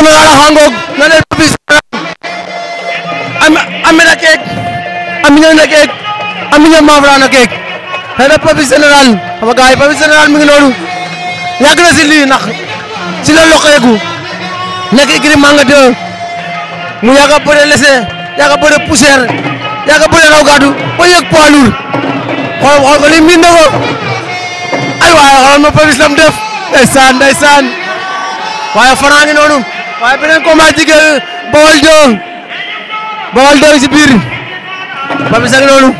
général a xangoog na ne bis amina keek amina na keek amina mafra na keek na ne papi général xam nga papi général mi ngi na si lii ndax si la loxeegu nekk igri manga mu yàgg a bëre lese yàgg a bëre poussière yàgg a bëre raw gàddu ba yëg ko li miin na ko ay waaye xoolal ma papi lam def ndeysaan ndeysaan waaye faraa ngi waaye beneen combat jigéen Baol 2 Baol 2 ci biir Papis sax noonu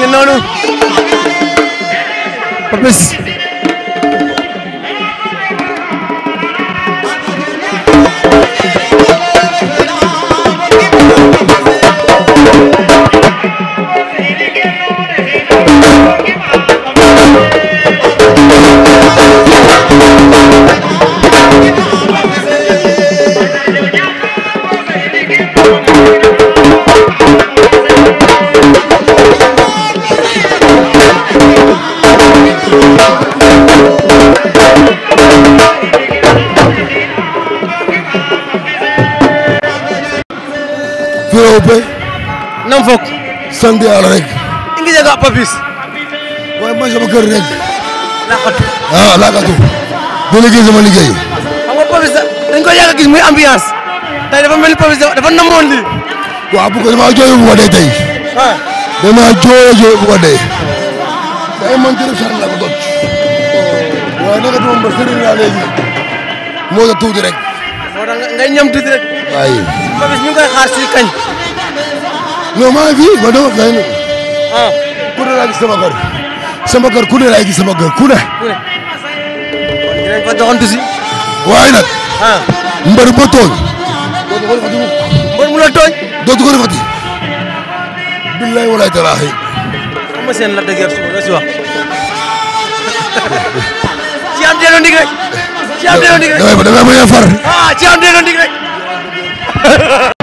te noonu. Papis Thank you. sant yàlla rek. ñu ngi jënd Papis. waaye man sama kër rek. laakatu ah laakatu. boo liggéey sama liggéey. xam ko yàgg a gis muy ambiance. tey dafa mel ni Papis dafa namoon lii. waaw bu ko damaa jooyoo bu ah. day man jërëjëf sax la ko doon. waaw ba sëriñ laa léegi. moo tax tuuti rek. ngay ñam tuuti rek. waaye. Papis ñu koy xaar si kañ. non a ngi fi ba dama gay na. ku sama kër. sama kër ku ne laa gis sama kër ku ne. ku ne kon dinañ fa waaye nag. ah mbër ba tooñ. dootu ko defati mbër mu la tooñ. dootu ko defati. billahi walaay talaahi. xam nga seen la dëgër su ci am delloo ndig rek. ci am delloo ndig damay a far. ah